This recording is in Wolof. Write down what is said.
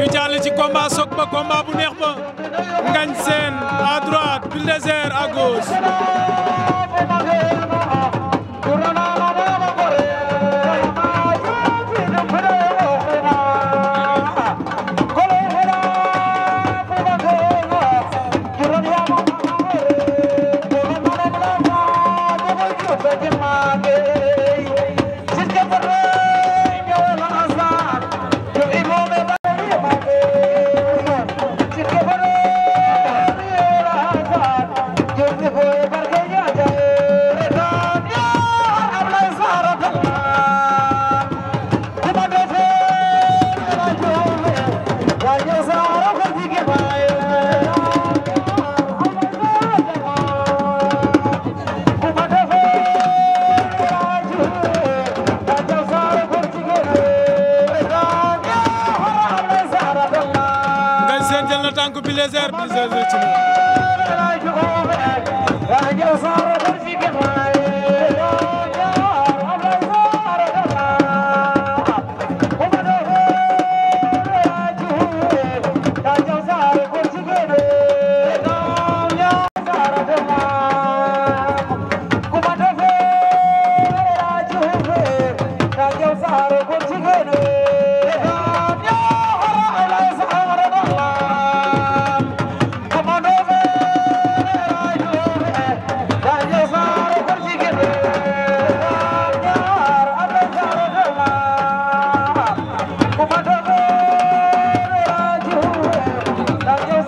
ñu jàll ci combat soog ba combat bu neex ba Ngagne Sène à droite Bulldozer à dal na tànk Buldozer Buldozer ci